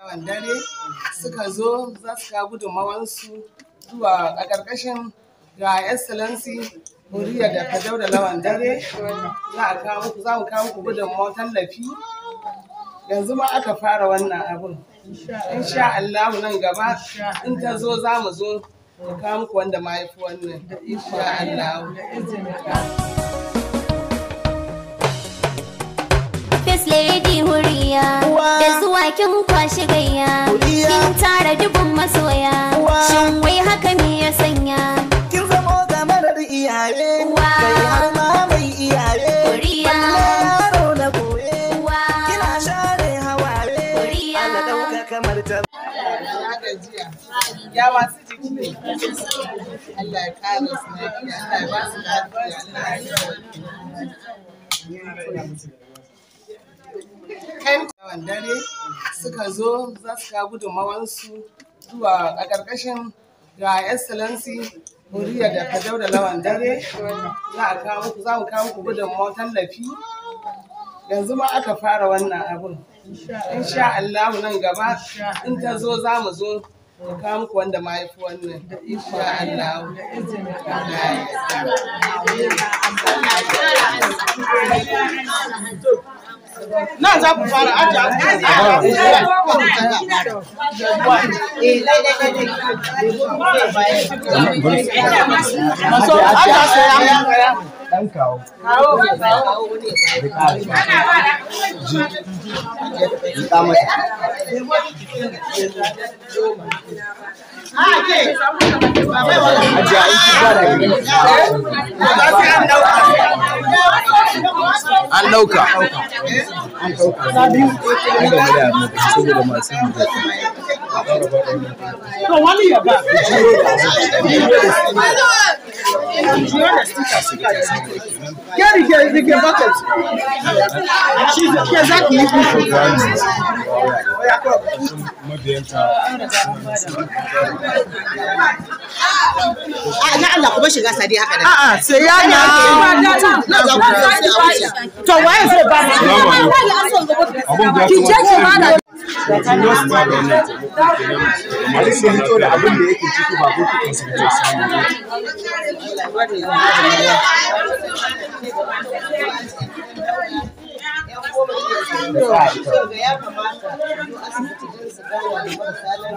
yawan dare suka zo za su kawo gudunmawansu zuwa a ƙarƙashin ga excellency Muriya da Kadau da Lawan Dare za a kawo muku za mu kawo muku gudunmawar tallafi yanzu ma aka fara wannan abun insha Allah nan gaba in ta zo za mu zo mu kawo muku wanda ma yafi wannan insha Allah lady huriya da zuwa kin kwashi gayya kin tara dubun masoya shin wai haka me ya sanya kin zamo gamarar iyaye mai iyaye huriya yaro na kina share hawaye huriya Allah Allah ya su lafiya Allah ya ba su lafiya 10 dare suka zo za su ka gudunmawansu zuwa a ƙarƙashin ga excellency Muriya da Kadau da Lawan Dare za a kawo za mu kawo muku gudunmawar tallafi yanzu ma aka fara wannan abun insha Allah nan gaba in ta zo za mu zo mu kawo muku wanda ma yafi wannan insha Allah Allah nan za ku fara aji aji Dan kawo. Kawo, kawo. Rika mata. Ajiya aiki ba da gani. An ɗauka. An ɗauka. An gama da mutum saboda masu yi da To wani ya ba. Jiro da sticker. Jiro da sticker. Get que get it, get bucket. She's exactly you Na Allah kuma shiga sadi Alisa hito da abin da yake ciki ba ko kuka sun ta samu. Ya kamata sai kun sai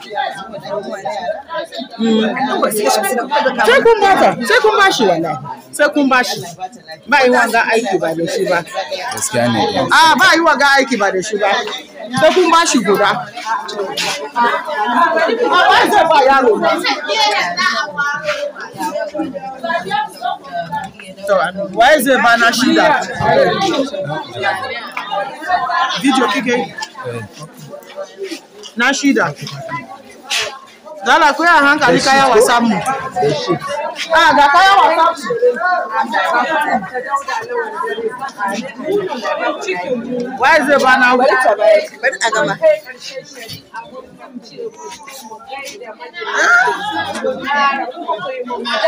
kun bashi wallahi sai kun bashi ba yi wanga aiki ba da shi ba gaskiya ne a ba yi wanga aiki ba da shi ba sai kun bashi guda a ba zai ba yaro ba waye zai ba na shida video kike na shida Dala ku yi a hankali kaya oh. wa samu. Ah, ga kaya wa samu. Wai zai bana wuri? Bari a gama.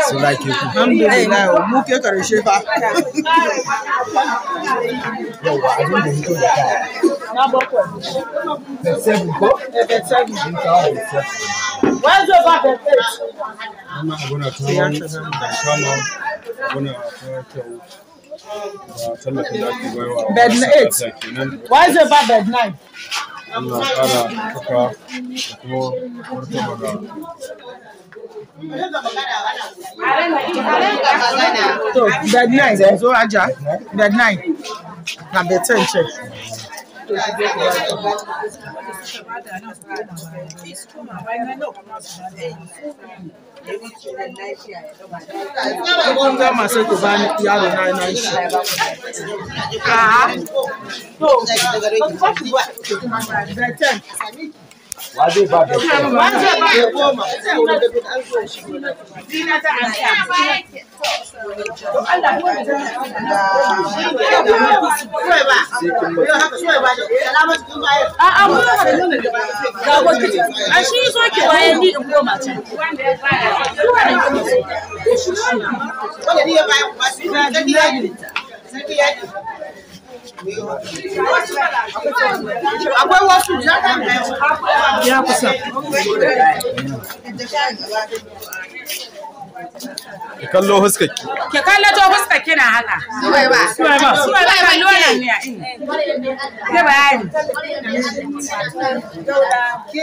Sọlá Keku. Alhamdulillah o, mú ké kàrí ṣe fa. Yọ̀wọ̀ àdúgbò ní tó dáa. Nábọ̀ pẹ̀. Bẹ̀sẹ̀bù kọ́. Bẹ̀sẹ̀bù. Níta ọ̀ bẹ̀sẹ̀bù. Bed eight. Why is jọba bed nine. Allah ƙara ɗaukaka da kuma martaba da So, that nine, so Aja, that nine, na bed ten check. Wanda masu ku bani yaro na na shi. Ah. To, ba ku Wa zai ba da ba da goma. ta Allah ko da ba. Yau haka ba. A nuna da ba. Ga A shi so ni in goma Wanda ya ya akwai wasu ya kusa ki kallo huskar ki ki kallo to huskar na haka suwai ba suwai ba suwai ba lona ne a in ke bayani ke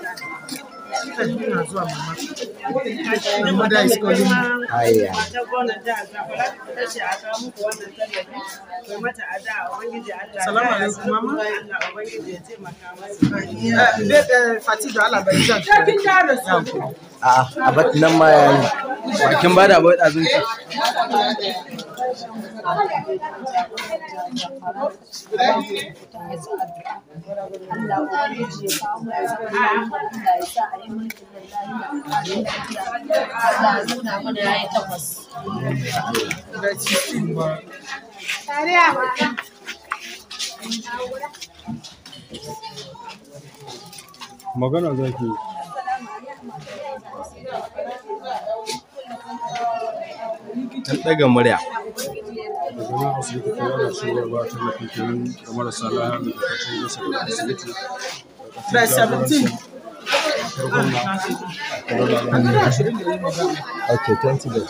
tafiyar zuwa mama. da A'a, ah, a nan ma yayi. Kin bada abin azunci. Allah zaki ta daga murya jama'a su yi kowa da cewa ta mafi kirin da marasa laha da kacin nasa da asibiti da kacin Okay, 20 days.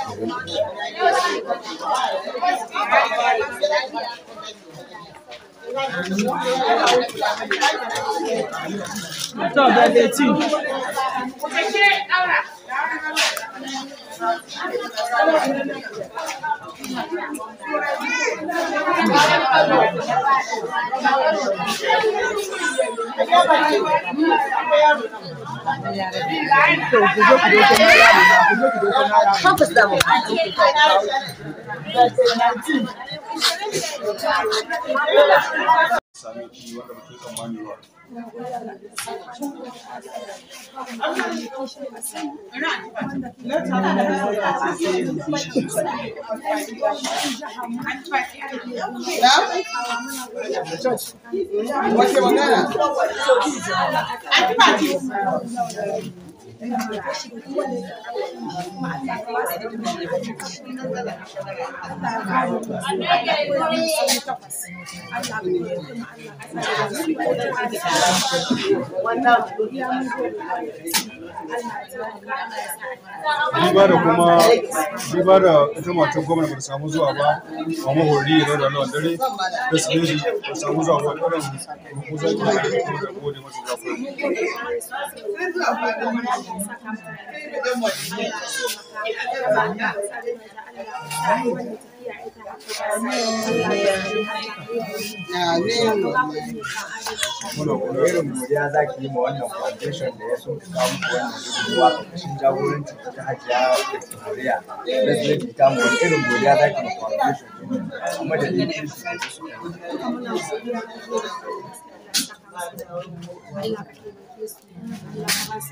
So, that's 18. Help us, devil. Sami wanda mutum tsammani ba. Wace magana? Riba da kuma riba da ita matan gwamna ba samu zuwa ba a mahori ya zaura lawan dare da su ne ba samu zuwa ba ɗarin ko zaki da kuma da gode masu zafi. Muna irin godiya za ki yi ma wannan foundation da ya so ka kawo muku wannan gudunmuwa ƙarƙashin jagoranci ta hajiya da tsoriya da zai ki ta wani irin godiya za ki ma foundation kuma da ne ne su Allah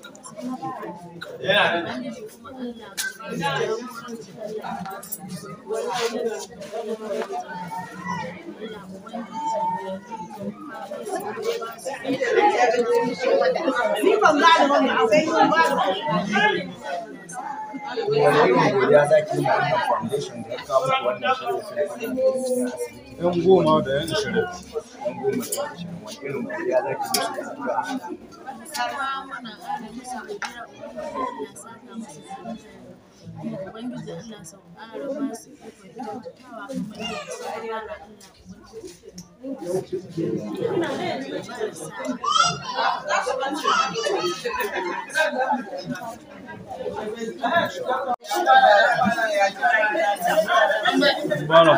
Ni wani irin godiya za yi ma da ya kawo muku wannan shirin yan goma da yan shirin yan goma da yan wani irin godiya za ki yi musu da addu'a Ubangiji Allah sau ƙara ba su ikon kyautatawa kamar yadda su ƙara Allah Ubangiji. Bala bala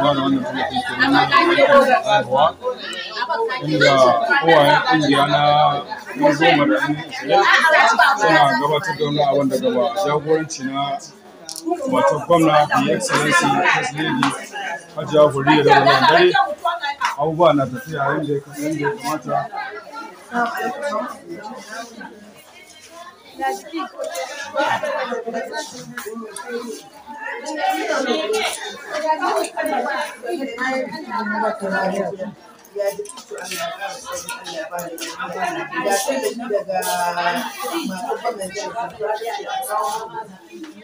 wannan inda kowayen kungiya na goma da suna gabatar da wani daga ba wato gwamna da ya excellency first hajji hajiya huriya da wannan dare abubuwa na tafiya yadda ya kamata ya ji fito a daga masu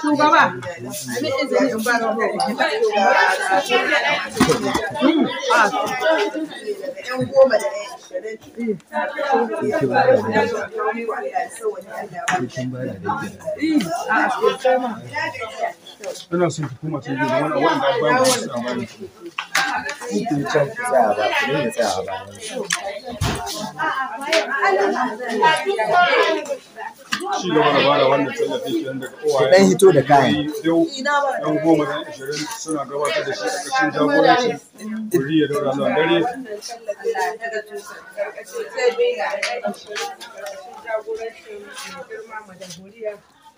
Shugaba, abin izini Ina son ki koma can gida wani awon da ba mu su labari. Kuku can ki tsaya ba, ku tsaya ci gaba da bada wannan tallafi kenan daga uwaye ya hito da kayan yau goma dan ashirin suna gabatar da shi a jagorancin kuri ya daura zuwa dare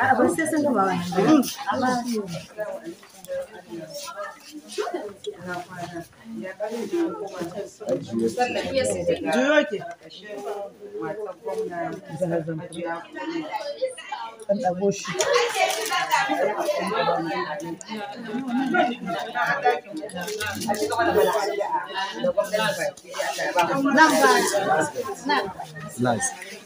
Ah, você é Sandoval. Né? Ah, juyo ke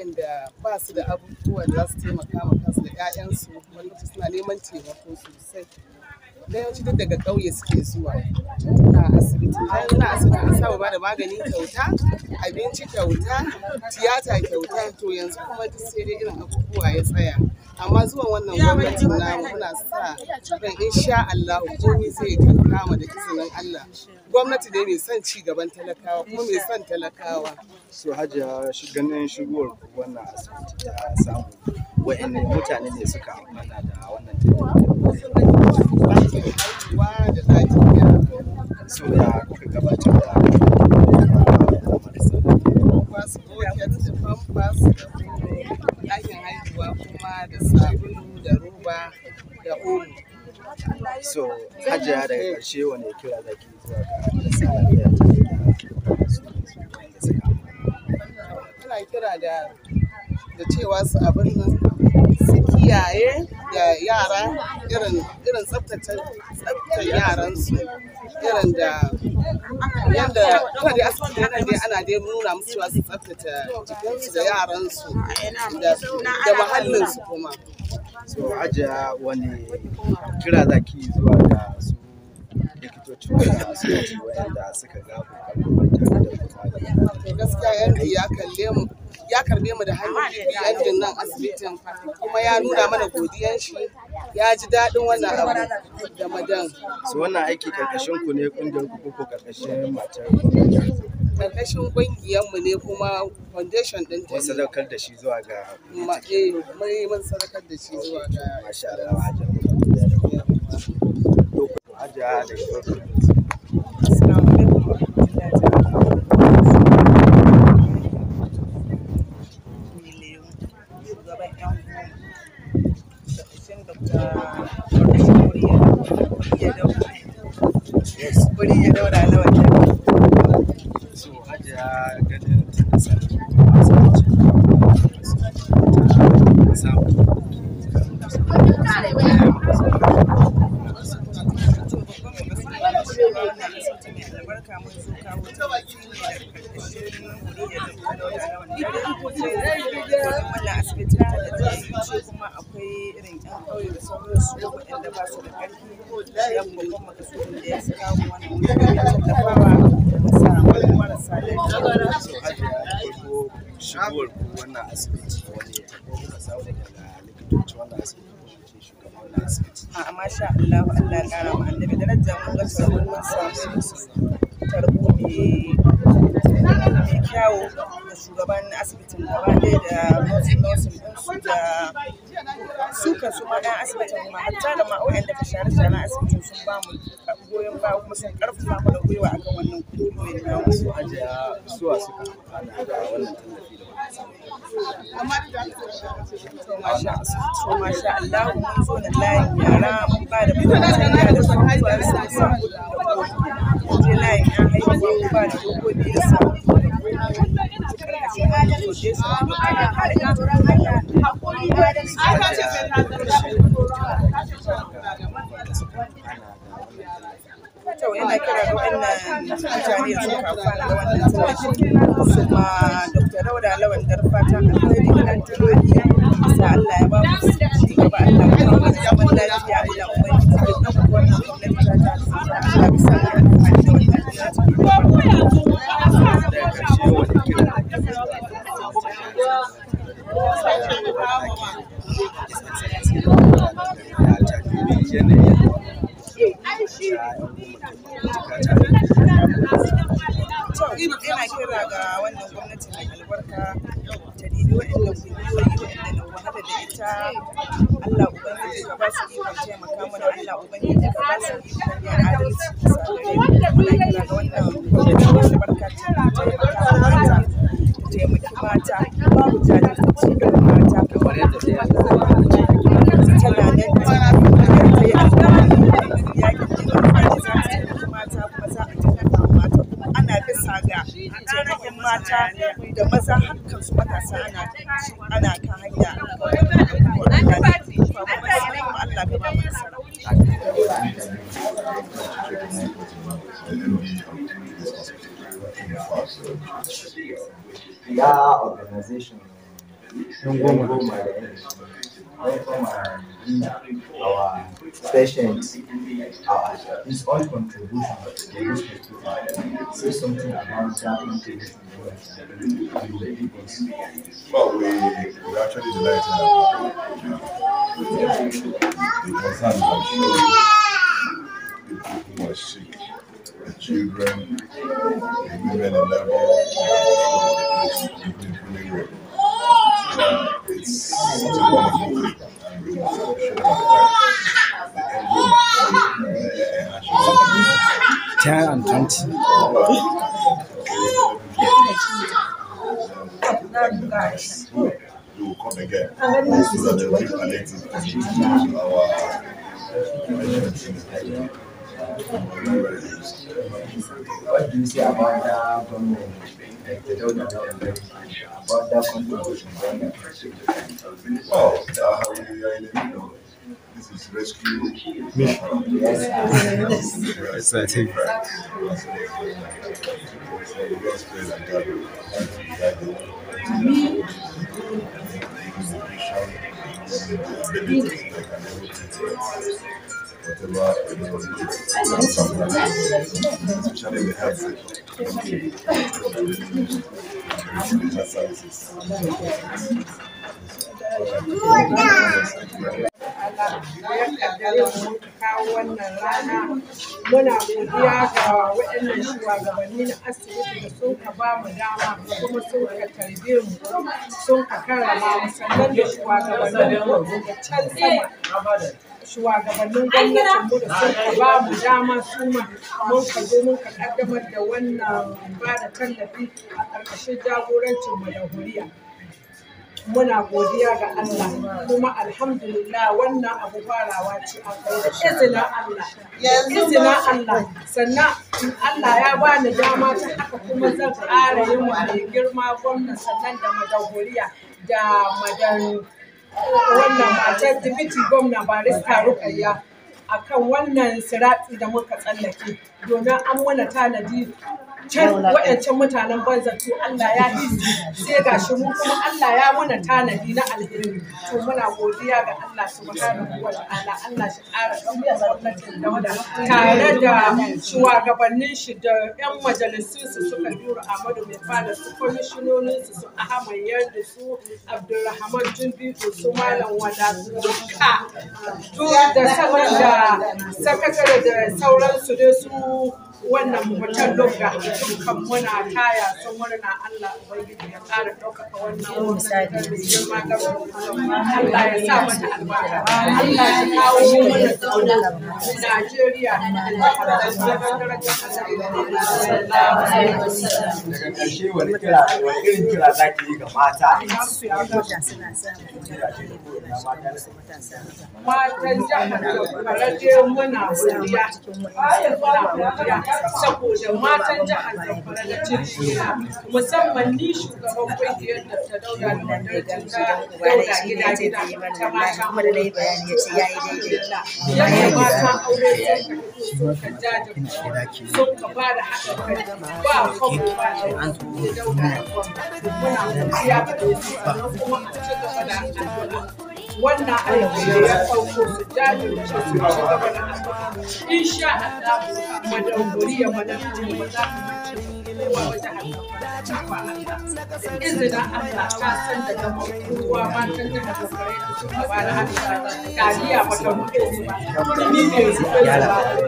waɗanda ba su da abubuwa da za su taimaka ma kansu da 'ya'yansu wani suna neman taimako sosai da yawanci duk daga ƙauye suke zuwa a asibiti bayan na asibiti an saba bada magani kyauta abinci kyauta tiyata kyauta to yanzu kuma duk sai dai irin abubuwa ya tsaya amma zuwa wannan gwamnati na muna sa ran insha Allah komai zai kama da izinin Allah gwamnati ne mai son ci gaban talakawa kuma mai son talakawa so hajiya ganin shigowar wannan asibiti ta samu wa'annan mutane ne suka amana da wannan so ya kuka gabatar da ɗakin haihuwa kuma da sabulu da roba da omo so hajiya daga eh. ƙarshe wani kira zaki zuwa ga kira da da cewa su abin nan su kiyaye da yara irin tsaftace yaransu irin da yadda ana dai asibiti ana dai ana dai nuna musu cewa su tsaftace jikinsu da yaransu da muhallinsu kuma so ajiya wani kira zaki zuwa ga su likitocin da asibiti wanda suka ga kokarin da gaskiya yan ya kalle mu ya karbe mu da hannun bibiyan din nan asibitin kuma ya nuna mana godiyan shi ya ji daɗin wannan abu da madan su wannan aiki karkashin ku ne kungiyar ku ko karkashin matar karkashin kungiyar mu ne kuma foundation din ta sadaukar da shi zuwa ga eh mai mun sadaukar da shi zuwa ga masha Allah hajiya da you know what I know. akwai irin yan kauye da sauransu waɗanda ba su da ƙarfi yan babban makasudin da ya saka mu wannan wuri ya tallafawa a samu marasa lafiya shigowar ku wannan asibiti wani ya kuka samu daga likitoci wannan asibiti ko shi shugaban wannan asibiti a sha Allah Allah ya kara mu annabi daraja mun ga tsaro mun samu tarbo mai mai kyawo da shugaban asibitin gaba ɗaya da nursin nursin ɗinsu da su ma ɗan asibitin hatta da ma da ka share share asibitin sun ba mu goyon ba kuma sun ƙarfafa mu da gwiwa akan wannan kuɗi na wasu ajiya suwa suka amfana da wannan tallafi da Allah mun zo da layin yara mun ba da mutane da su zuwa su samu kyau yana kira ga wannan mutane su amfana da wannan tallafi kuma dr dauda lawan darfata alheri da nan tarihi sa allah ya ba mu ci gaba allah ya ba mu zaman lafiya allah ubangiji yana kira ga wannan gwamnati mai albarka ta dibi waɗannan kungiyoyi waɗanda na wahala da ita Allah ubangiji ka ba su ikon taimaka mana Allah ubangiji ka ba su ikon yin adalci bisa gare mu kira wannan gwamnati mai albarka ta taimaka mata taimaki mata babu jajirce Yeah, organization. Our patients, our, all contribution Say something about Well, we, we actually I'm sure what seek the children, the women in everyone. It's Ten and twenty. You will come again. What do you say about that government? Like they don't know about that contribution. Oh, This is rescue mission. Yes, yes. I whatever you know, especially the health sector, services. Muna godiya ga waɗannan shugabanni na asibiti da sun ka ba mu dama kuma sun ka tarbe mu sun ka karama mu sannan da shugabannin da can sama shugabannin gwamnatinmu da suka ba mu dama su ma mun ka zo mun ka kaddamar da wannan ba da tallafi a ƙarƙashin jagorancin mu da huriya. muna godiya ga Allah kuma alhamdulillah wannan abu farawa ce a kai izinin Allah izinin Allah sannan Allah ya bani dama ta haka kuma zan ƙara yin wa mai girma gwamnati sannan da madahuriya da madan wannan matar dibiti gwamna barista rukayya akan wannan siratsi da muka tsallake domin an mana tanadi can waɗancan mutanen banza to Allah ya yi sai ga shi mu kuma Allah ya muna tanadi na alheri to muna godiya ga Allah subhanahu wa ta'ala Allah shi ƙara ɗaukar gwamnatin dauda tare da shugabannin shi da 'yan majalisun su suka dura Ahmadu mai fada su kwamishinonin su su Ahmad Yarda su Abdulrahman Jumbitu su Malam Wada su Ka da saboda sakatare da sauransu dai su wannan hoton lugga dukkan muna taya sun murna Allah ubangiji ya ƙara ɗaukaka wannan hoton da girma ga Allah ya sa mana albarka Allah ya kawo mana tsauna Najeriya daga ƙarshe wani kira wani irin kira za ki yi ga mata matan jihar Kwararre muna godiya muna godiya saboda matan jihar Zamfara da Tirjira musamman ni shugaban kungiyar da ta dauda da madarkin ta dauda gida gida ta mata aure sun ka fito sun ka jajirce sun ka ba da haɗa kai ba kwamfu ba da dauda da kwamfu muna kuma a ci gaba da addu'a wannan aiki da ya sauko su jajirce su ci gaba da addu'a insha Allah madauriya madauriya ba za ku mace ba wata izinin Allah ta san da gama kowa ma ta ta da gabare ta su gaba da Allah kariya ba ta mutu ba ni ne su ba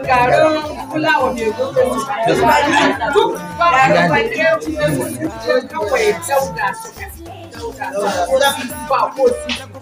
garin kulawa mai gobe duk ba da bakin kuma kawai dauda suka dauda ba ko su